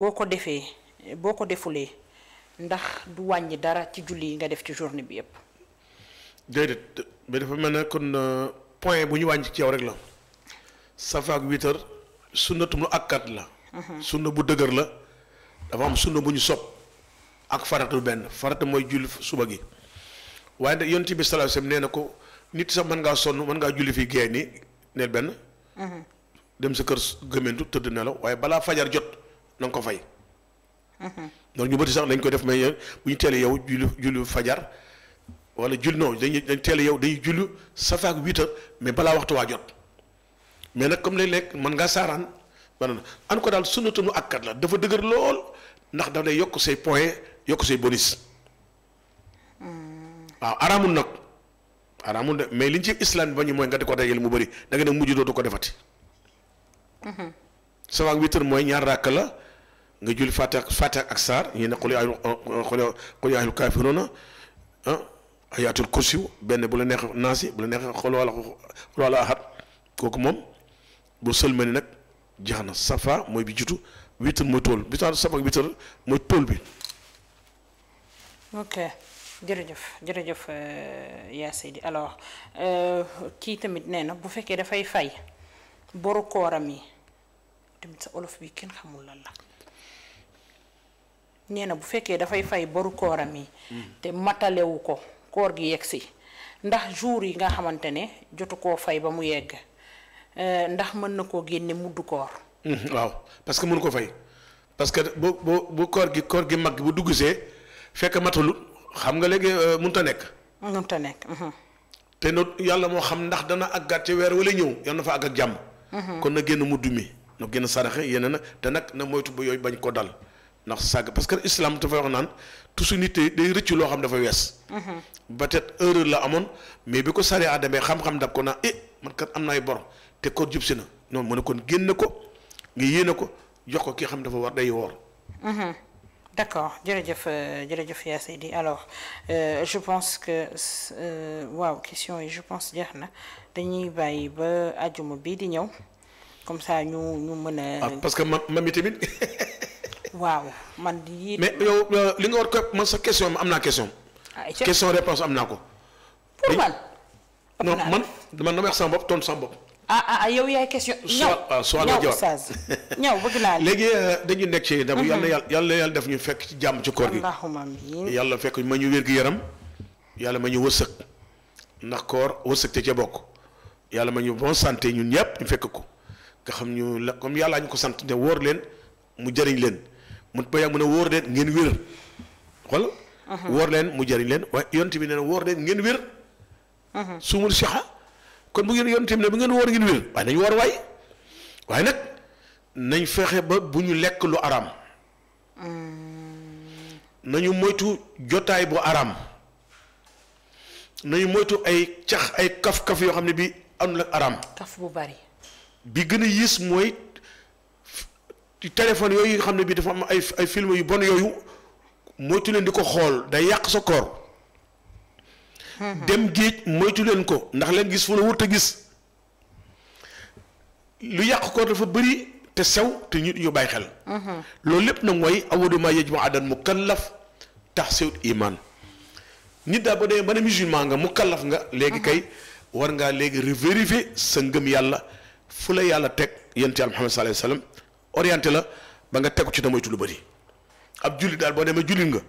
boo ko defee boo ko defulee ndax du wàññi dara ci julli yi nga def ci journée bi yépp déedéet mais dafa mel na kon euh, point bu ñu wàññi ci yow rek la safa ak huit heures sunnatu mu akkat la mhm. sunna bu dëgër la dafa am sunna bu ñu sob ak faratu benn farata mooy julli suba gi waaye nag yonent bi sallallahu alayhi wasallam na ko nit sax mën ngaa sonn mën ngaa julli fii géey nii neel benn mhm. dem sa kër gëmmentu tëdd nelaw waaye balaa fajar jot na nga ko fay. donc ñu bëri sax dañ ko def mais bu ñu teelee yow julli julli fajar wala julli non dañuy dañ teelee yow dañuy julli safa ak huit mais balaa waxtu waa jot mais nag comme léeg-léeg mën ngaa saaraan maanaam an ko daal sunnatu akkat la dafa dëgër lool ndax daf lay yokk say point yokk say bonus. waaw araamul nag araamul de mais liñ ci islam ba ñu mooy nga di ko mu bëri da nga ne mujj dootu ko defati. Mhm. safa ak huit heures mooy ñaar ràkk la. nga julli Fatiha Fatiha ak saar ñu ne xul yaa xul yaa kaafiruuna ah ayaatul benn bu la neex naasi bu la neex xul wala xul wala ahad kooku moom bu sëlmani nag jeex na safa mooy bi jiitu witr mooy tool bi sax safa mooy tool bi. ok jërëjëf jërëjëf euh, yaa Seydi alors euh, kii tamit nee na bu fekkee dafay fay boru kooram yi tamit sa olof bi kenn xamul lan la. nee na bu fekkee dafay fay boru kooram yi. te matalewu ko koor gi yegg si ndax jour yi nga xamante ne jotu koo fay ba mu yegg eh, ndax mën na koo génne mudd koor. Hmm, waaw parce que mënu ko fay parce que bo bu bu koor gi koor gi mag bu duggusee fekk matalut xam nga léegi euh, mun a nekk. mënut a nekk. Mhm. te no yàlla moo xam ndax dana àggaat ci weer wala ñëw yal na fa àgg ak jàmm. Mhm. kon na génn mudd mi na génn saraxe yeneen na te nag na moytu ba yooyu bañ ko dal. ndax sàgg parce que islam dafay wax naan tusu nit day rëcc loo xam dafa wees. Mhm. peut-être erreur la amoon mais bi ko sariya demee xam-xam dab ko naa eh man kat am na ay bor te ko jub si na noonu mu ne kon génn ko nga yéene ko jox ko kii xam dafa war day woor. Mhm. d'accord jërëjëf euh, jërëjëf yaa Seydi alors euh, je pense que euh, waaw question yi je pense jeex na dañuy bàyyi ba àjjuma bii di ñëw comme ça ñu ñu mën a. Ah, parce que mam mami tamit. waaw man yii. mais yow li nga war ko man sa question am naa question. Ah, question réponse am naa ko. pour man. man man damay wax sama bopp tontu sama bopp. ah ah, ah yow yaay question. ñaw ah, ñaw Oustaz ñaw bëgg naa léegi euh, dañu nekk ci ndax mhm. yàlla yàlla yàlla def ñu fekk ci jàmm ci koor gi. yàlla fekk ma ñu wér gu yaram. yàlla ma ñu wërsëg. ndax koor wërsëg te ca bokk. yàlla ma ñu bon santé ñun ñëpp ñu fekk ko. nga xam ñu la comme yàllaa ñu ko sant ne wóor leen mu jëriñ leen. mu ba yàgg mu ne wóor leen ngeen wér xool leen mu jëriñ leen waaye yonent bi nee na wóor leen ngeen wér suumul sixa kon bu ngeen yonent bi ne bu ngeen wóor ngeen wér waaye nañ wóor waay waaye nag nañ fexe ba bu ñu lekk lu araam hmm. nañu moytu jotaay bu araam nañu moytu ay cax ay kaf-kaf yoo xam ne bi am la araam kaf bu bari bi gën a yées mooy ci téléphone yooyu nga xam ne bii dafa am ay ay film yu bon yooyu moytu leen di ko xool day yàq sa koor dem géej moytu leen ko ndax leen gis fu la wut a gis lu yàq koor dafa bëri te sew te ñu ñu bàyyi xel loolu lépp nag mooy awaduma yej ma àddan mukallaf tax sewut imaan nit daal ba dee ba ne musulman nga mukallaf nga léegi kay war ngaa léegi vérifier sa ngëm yàlla fu la yàlla teg yonent yàlla Muhammad sallallahu alayhi orienté la ba nga tegu ci te moytu lu bëri ab julli daal boo demee julli nga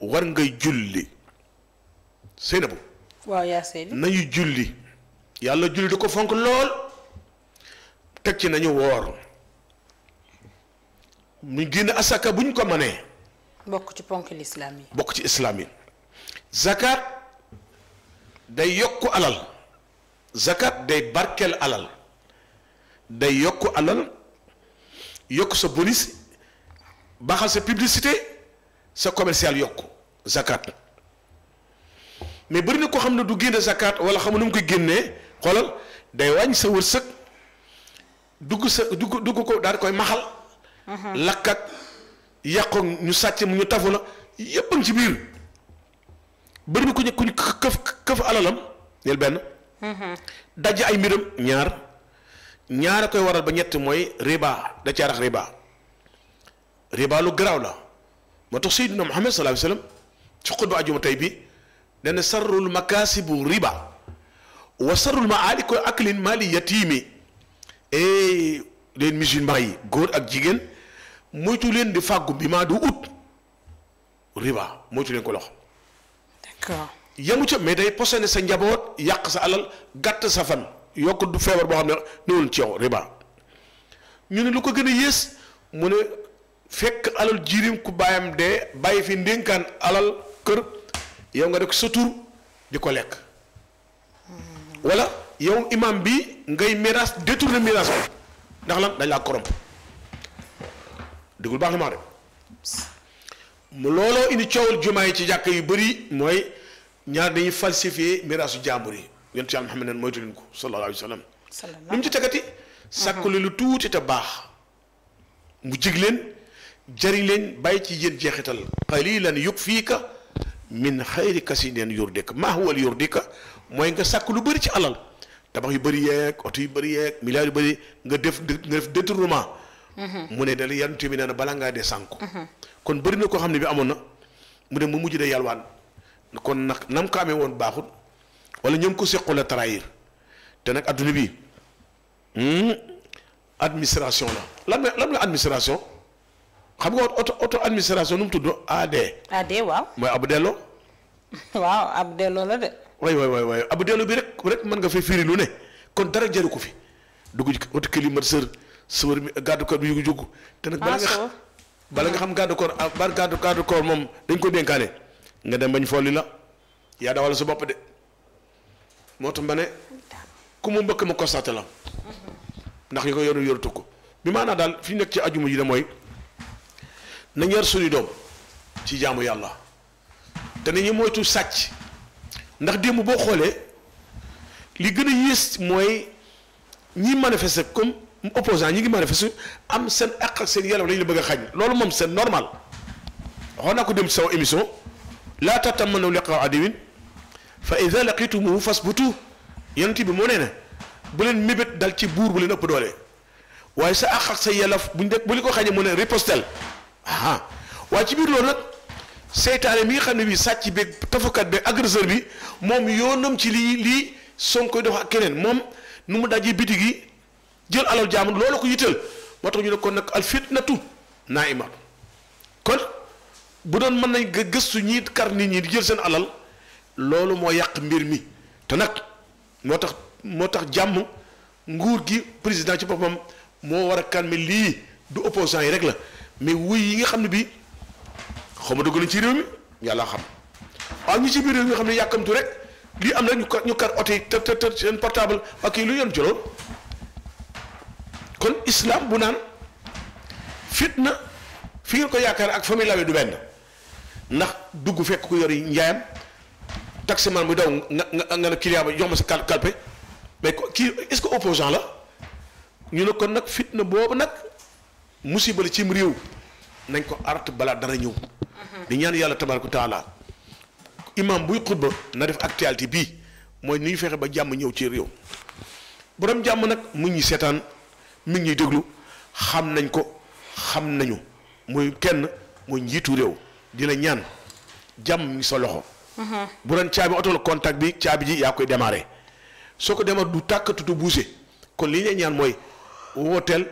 war nga julli Seynabou. waaw yaa Seydi nañu julli yàlla julli da ko fonk lool teg ci nañu woor mu génn asaka bu ñu ko mënee. bokk ci ponk lislaam bokk ci islaam yi zakat day yokku alal zakat day barkeel alal day yokku alal. yokk sa bonus baaxal sa publicité sa commercial yokk zakat mais bëri na ko xam ne du génne zakat wala xamu nu mu koy génnee xoolal day wàññ sa wërsëg dugg sa dugg dugg ko daal di koy maxal mhm. lakk ak yàqoo ñu sàcc mu ñu tafu la yépp ci biir bëri ku ñu ku ñu këf këf alalam ñeel benn mhm. daj ay mbiram ñaar ñaar a koy waral ba ñett mooy riba da caarax riba riba lu garaaw la moo tax sayyiduna Muhammad sallallahu alayhi wasallam ci xutba ajuma tey bi dana sarrul makaasibu riba wa sarrul maali ko aklin mali yatiimi et les musulmans yi góor ak jigéen moytu leen di fàggu bi maa du ut riba moytu leen ko loxo. d'accord yamu ca mais day posone sa njaboot yàq sa alal gàtt sa fan. yokk du feebar boo xam ne néewul ci yow riba ñu ne lu ko gën a yées mu ne fekk alal jirim ku bàyyam de bàyyi fi ndénkaan alal kër yow nga def sa tur di ko lekk walla yow imam bi ngay miraas détourné miraas bi ndax la dañ laa koromp digul baax na maa de mu looloo indi coowal jumaa yi ci jàkk yu bari mooy ñaar dañuy falsifier miraasu jàmbur yi yonent yàlla Muhammad neen moytu leen ko sallallahu alayhi wa sallam. sallallahu lu mu ci tegati. sàkku uh-huh. lu tuuti te baax. mu jig leen jëriñ leen bàyyi ci yéen jeexital. qalilan yukfiika min xayri kasidin yurdika maa huwa yurdika mooy nga sàkk lu bari ci alal tabax yu bëri yeeg oto yu bëri yeeg milliards yu bëri nga def nga def détournement. Uh-huh. mu ne dal yonent bi nee na balaa ngaa dee sànku. Uh-huh. kon bëri na koo xam ne bi amoon na mu ne mu mujj de yalwaan kon nag nam ko amee woon wala ñoom ko sequ la trahir te nag adduna bi hmm, administration la lam la lan la administration xam nga oto oto administration nu mu tudd AD. AD waaw. mooy abu delloo. waaw abu delloo la de. waay waay waay abu delloo bi rek rek mën nga fay firi lu ne kon dara jaru ko fi dugg auto climatiseur sëwër mi garde corps bi yu jóg te nag. bala nga bala nga xam garde corps ah moom dañ ko dénkaane nga dem bañ folli la yaa dawal sa bopp de. moo tax ma ne ku mu mbëkk ma constaté la ndax ñi ko yoru yorutu ko bi maanaam daal fi ñu nekk ci ajuma ji de mooy nañ yar suñu doom ci jaamu yàlla te nañu moytu sàcc ndax démb boo xoolee li gën a yées mooy ñi manifester comme opposant ñi ngi manifester am seen àq ak seen yelleef lañu la bëgg a xañ loolu moom seen normal waxoon naa ko dem ci sama émission laa tax tam mën na liqaa adiwin fa ida laqitumuhu fasbutu yonent bi moo nee na bu leen mébét dal ci buur bu leen ëpp doole waaye sa àq ak sa yelaf buñ de bu li ko xañee mu ne ripostel aa ci biir loolu nag seytaane mi nga ne bi sàcc beeg tafakat beeg agresseur bi moom yoonam ci lii lii Sonko dox ak keneen moom nu mu dajee biti gi jël alal jaamu loolu ko yitteel moo tax ñu ne kon nag al fitnatu naa imaam kon bu doon mën nañ gëstu ñii kar nit ñi di jël seen alal loolu moo yàq mbir mi te nag moo tax moo tax jàmm nguur gi président ci boppam moo war a calmer lii du opposant yi rek la mais wuy yi nga xam ne bii xaw ma dugg nañ ci réew mi yàlla xam waaw ñu ci réew mi xam ne yàkkamtu rek lii am rek ñu kar ñu kar oto yi te te seen portable ak yi lu yoon jëloon kon islam bu naan fitna fii ngeen ko yaakaar ak famille lawe du benn ndax dugg fekk ku yor yi njaayam taximan muy daw nga nga nga ne client ba jox ma sa calpe mais kii est-ce que opposant la ñu ne kon nag fitna boobu nag musiba la cim réew nañ ko art balaa dana ñëw. Mhm. di ñaan yàlla tabaaraka taala imam buy xutba na def actualité bii mooy ni ñu fexe ba jàmm ñëw ci réew. borom jàmm nag mu ngi seetaan mi ngi ñuy déglu xam nañ ko xam nañu muy kenn muy njiitu réew di la ñaan jàmm mi sa loxo. bu doon caabi oto la contact bi caabi ji yaa koy démarrer soo ko démarrer du tàkkatu du bouger kon li ñu ñaan mooy wooteel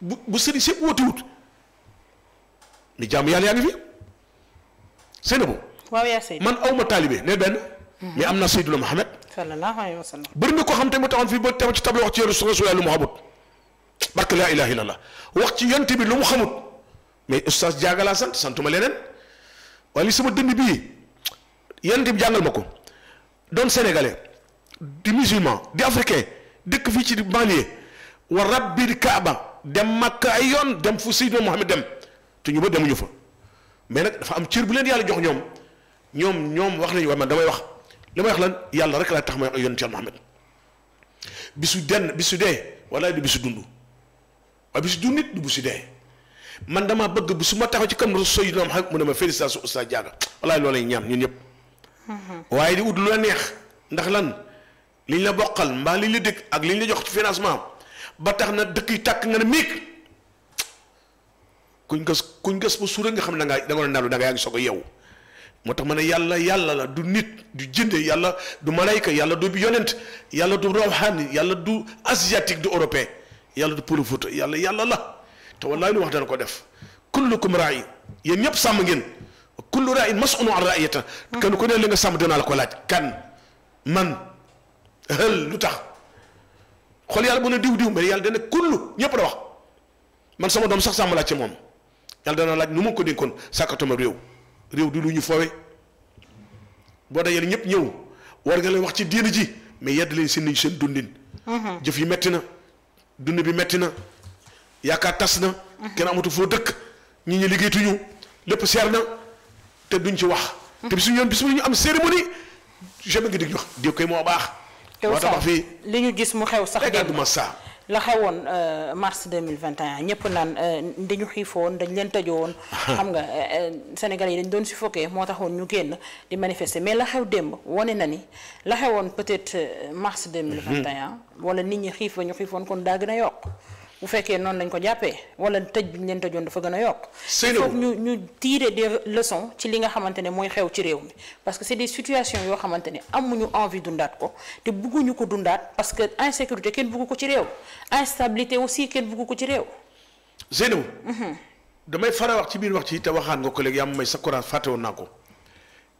bu bu sëriñ sépp woote wut mais jàmm yàlla yaa ngi fi Seynabou. waaw man awma taalibe ne benn. mais am na Seydina Mohamed. sallallahu alayhi wa sallam. bëri na ko xam te mu taxoon fii ba tamit ci tableau wax ci yoonu Rasulullah lu mu xamut barke laa ilaaha illallah wax ci yonte bi lu mu xamut mais oustaz Diaga sant santuma leneen waaye li sama dënd bii. yanti bi jàngal ma ko doon sénégalais di musulman di africain dëkk fii ci banlieue wa rabbil kaaba dem makka ay yoon dem fu Seydina Muhammad dem te ñu ba demuñu fa mais nag dafa am cër bu leen yàlla jox ñoom ñoom ñoom wax nañu waaye man damay wax li may wax lan yàlla rek laa tax may yonent yàlla Muhammad bisu denn bisu dee wala du bisu dund waaye bisu dund nit du bisu dee man damaa bëgg bu su ma taxaw ci kam Seydina Muhammad mu ne ma félicitation Oustaz Diaga walaay loolay ñaan ñun ñëpp. waaye di ut lu la neex ndax lan liñ la boqal mbaa liñ la dëkk ak liñ la jox ci financement ba tax na dëkk yi tàkk nga ne miig kuñ gës kuñ gës ba suura nga xam ne da ngaa da nga naalu da ngaa yaa ngi soog a yeewu moo tax ma ne yàlla yàlla la du nit du jënde yàlla du malayka yàlla du yonent yàlla du rawxaani yàlla du asiatique du européen yàlla du pël yàlla yàlla la te wallaahi nu wax dana ko def kullukum raayi yéen ñëpp sàmm ngeen. kullu raa'in mas'uulun an ra'iyyatihi kenn ku ne li nga sàmm dinaa la ko laaj kan man hël lu tax xool yàlla bu ne diw diw mais yàlla dana kullu ñëpp da wax man sama doom sax sàmm laaj ci moom yàlla dana laaj nu mu ko dénkoon sàkkatuma réew réew du lu ñu foowe boo dee yéen ñëpp ñëw war nga leen wax ci diina ji mais yedd leen seen seen dundin. Mhm. jëf yi metti na dund bi metti na yaakaar tas na. Mhm. kenn amatu foo dëkk ñu ñu liggéeytuñu lépp seer na. te duñ ci wax. te bisu ñoom bisu ñu am cérémonie jamais nga di jox di koy moo baax. moo tax li ñu gis mu xew sax eh, dégg saa. la xewoon euh, mars 2021 ñëpp euh, di ñu xiifoon dañ leen tëjoon. xam nga euh, Sénégalais yi dañ doon suffoqué moo taxoon ñu génn di manifester mais la xew démb wane na ni la xewoon peut-être mars 2021. Mhm. wala nit ñi xiif ba ñu xiifoon kon daa gën a yokk. bu fekkee noonu lañ ko jàppee wala tëj bi ñu leen tëjoon dafa gën a yokk il faut ñu ñu tirer des leçons ci li nga xamante ne mooy xew ci réew mi parce que c'est des situation yoo xamante ne amuñu envie dundaat ko te bëgguñu ko dundaat parce que insécurité kenn buggu ko ci réew instabilité aussi kenn buggu ko ci réew Zeynabu mhm. damay fara wax ci biir wax ci te waxaan nga ko léegi yaa may sa courant fàtte woon naa ko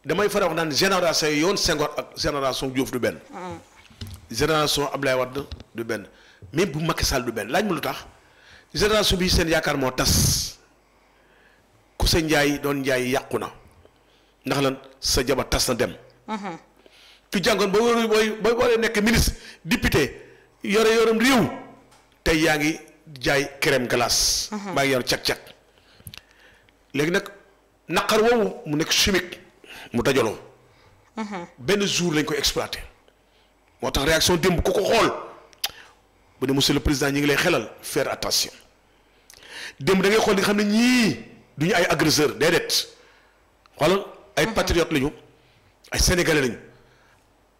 damay fara wax naan génération yoon Senghor ak génération Diouf du benn mhm. génération Abdoulaye Wade du mais bu Macky Sall du benn laaj ma lu tax génération bi seen yaakaar moo tas ku sa njaay doon njaay yàqu na ndax la sa jaba tas na dem. Mhm. ku jàngoon ba wóorul booy booy booy nekk ministre député yore yoram réew tey yaa ngi jaay crème glace. Mhm. maa ngi yor cag-cag léegi nag naqar woowu mu nekk chimique mu dajaloo. Mhm. benn jour lañ ko exploité moo tax réaction démb ku ko xool. bu ne monsieur le président ñi ngi lay xelal faire attention démb da ngay xool di nga xam ne ñii du ñu ay agresseur déedéet xoolal ay mm-hmm. patriotes lañu ay sénégalais lañu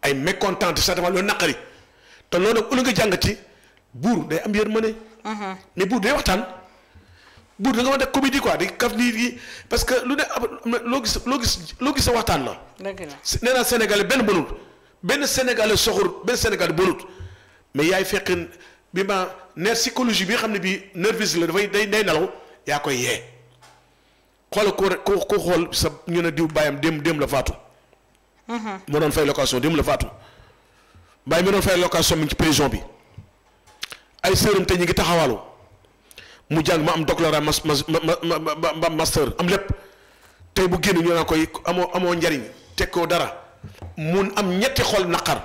ay mécontents te certainement loolu naqari te loo nag ëllëg nga jàng ci buur day am yërmande. Mm-hmm. mais buur dee waxtaan. buur da nga mën a def comédie quoi di kaf nit parce que lu ne loo gis loo gis loo gis sa waxtaan la. dëgg la nee naa benn bonut benn sénégalais soxor benn sénégalais bonut. mais yaay fekk bi ma nerf psychologie bi nga xam ne bii nervus la dafay day day nelaw yaa koy yee xoolal ko ko xool sa ñu ne diw bàyyam dem dem la faatu. moo doon fay location dem la faatu bàyyi mi doon fay ci prison bi ay sëram te ñu ngi taxawaalu mu jàng ma am doctorat mas mas ma master am lépp tey bu génn ñu naa koy amoo amoo njariñ teg koo dara mun am ñetti xool naqar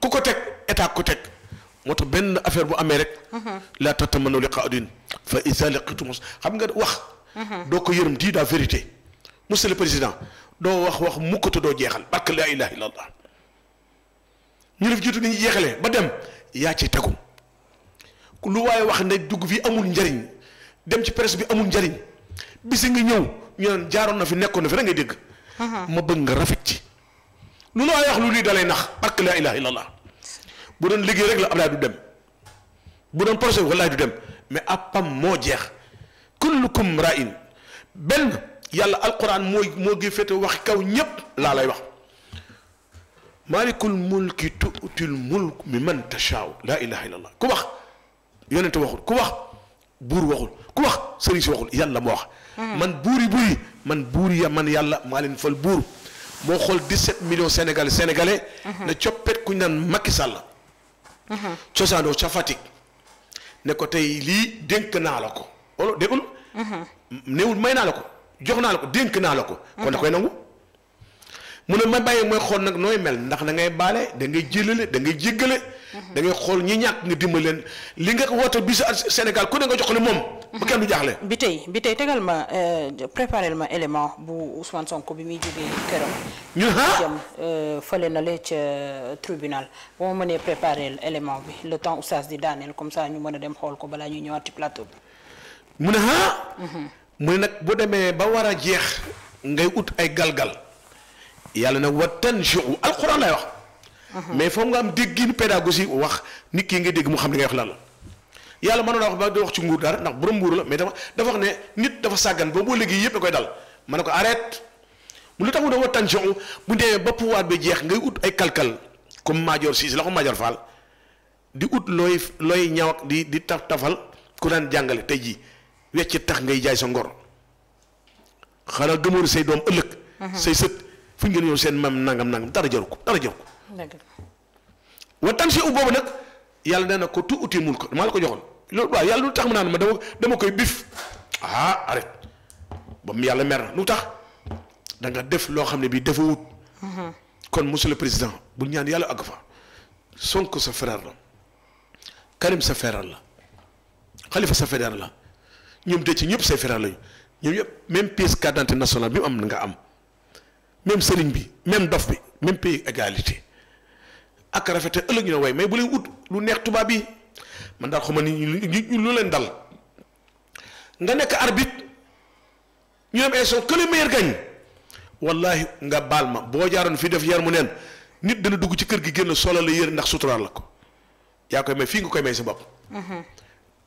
ku ko teg. état ko teg moo tax benn affaire bu amee rek. Mhm. la tatamannu liqa adin fa isa laqitum xam nga wax. Mhm. doo ko yërëm di la vérité monsieur le président doo wax wax mukk doo jeexal barke la ilaha ñu def jiitu ni ñu ba dem yaa ci tegu lu waaye wax ne dugg fi amul njariñ dem ci presse bi amul njariñ bisi nga ñëw ñu jaaroon na fi nekkoon na fi rek ngay dégg. Mhm. ma bëgg nga rafet ci. lu la waaye wax lu lii dalay nax barke la ilaha illallah bu doon liggéey rek la Ablaye du dem bu doon projet bi wallaay du dem mais ab pam moo jeex kullukum ra'in benn yàlla alquran mooy moo gi féete wax kaw ñépp laa lay wax malikul mulki tuutil mulk mi man tachaaw laa ilaha illa allah ku wax yonente waxul ku wax buur waxul ku wax sëriñ si waxul yàlla moo wax hmm. man buuri buuri man buuri ya man yàlla maa leen fal buur moo xool 17 millions sénégalais sénégalais hmm. na coppet kuñ naan makki Sall cosaanoo ca Fatick ne ko tey lii dénk naa la ko wala déggul néewul may naa la ko jox naa la ko dénk naa la ko kon da koy nangu mu ne ma bàyyi mooy xool nag nooy mel ndax da ngay baale da ngay jëlale da ngay jéggale da ngay xool ñi ñàkk nga dimbali leen li nga woote bi sa Sénégal ku ne nga jox ko ne moom bu kenn du jaaxle. bi tey bi tey tegal ma euh, préparel ma élément bu Ousmane Sonko bi muy jógee këram. ñu ah jëm euh, fële na le ca euh, tribunal boo ma mënee préparel élément bi le temps oustaz di daaneel comme ça ñu mën a dem xool ko balaa ñuy ñëwaat ci plateau bi. mu ne ah. mu ne nag boo demee ba war a jeex ngay ut ay galgal yàlla nag na wa tanjiu alxuraan lay wax. Mhm. mais foog nga am déggin pédagogie wax nit kii nga dégg mu xam li ngay wax lan la. yàlla mën na wax ba di wax ci nguur dara ndax borom nguur la mais dafa dafa wax ne nit dafa sàggan ba boo liggéey koy dal man na ko arrête lu tax mu ne wa tension bu demee ba pouvoir jeex ngay ut ay kalkal comme Madior Cissé la ko Madior di ut looy looy ñaw di di taf tafal ku daan jàngale tey jii wecc tax ngay jaay sa ngor xanaa gëmoon doom ëllëg. Mhm. say sët fu seen mam nangam nangam dara jaru ko dara jaru boobu nag yàlla nee na ko tout outil mun ko maa la ko joxoon. loolu waa yàlla lu tax mu naan ma dama dama koy bif ah arrête ba mu yàlla mer na lu tax da nga def loo xam ne bii dafa wut. Mhm. kon monsieur le président bu ñaan yàlla àgg fa Sonko sa frère la Karim sa frère la Khalifa sa frère la ñoom de ci ñëpp say frère lañu ñoom ñëpp même pièce carte nationale bi mu am na nga am même sëriñ bi même dof bi même pays égalité ak rafet ëllëg ñu ne way mais bu leen ut lu neex tubaab yi. man daal xaw ma ni lu leen dal nga nekk arbit ñu dem élection que le meilleur gagne wallahi nga baal ma boo jaaroon fii def yar mu neen nit dana dugg ci kër gi génn solo la yër ndax suturaal la ko yaa koy may fii nga koy may sa bopp. Mhm.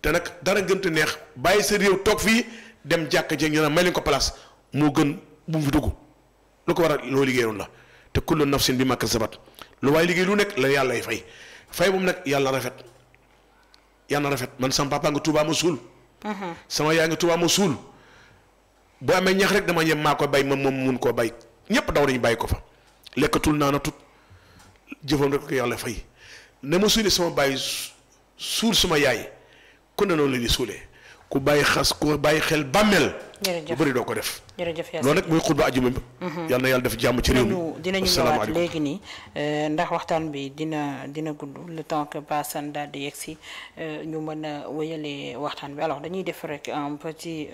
te nag dara gën neex bàyyi sa réew toog fii dem jàkk jeeg ñu naan may leen ko place moo gën bu mu fi dugg lu ko waral loo liggéeyoon la te kullu nafsin bi ma kasabat lu waaye liggéey lu nekk la yàlla ay fay fay moom yàlla rafet. yal na rafet man sama papa nga Touba ma suul. Uh-huh. sama yaay nga Touba ma suul. boo amee ñax rek dama ñe maa ko bay moom moom mun koo bay ñëpp daw dañu bàyyi ko fa lekkatul naa na tut jëfam rek yàlla fay ne ma suulee sama bàyyi suul suma yaay kon ne loolu la ñuy suulee ku bàyyi xas ku bàyyi xel bàmmeel. jërëjëf bu bëri doo ko def. jërëjëf Yacine loolu nag mooy xutba ajuma bi. Mhm. yal na yàlla def jàmm ci réew mi dinañu ñëwaat léegi nii euh, ndax waxtaan bi dina dina gudd le temps que Bassane daal di yegg euh, ñu mën a wéyale waxtaan bi alors dañuy def rek un petit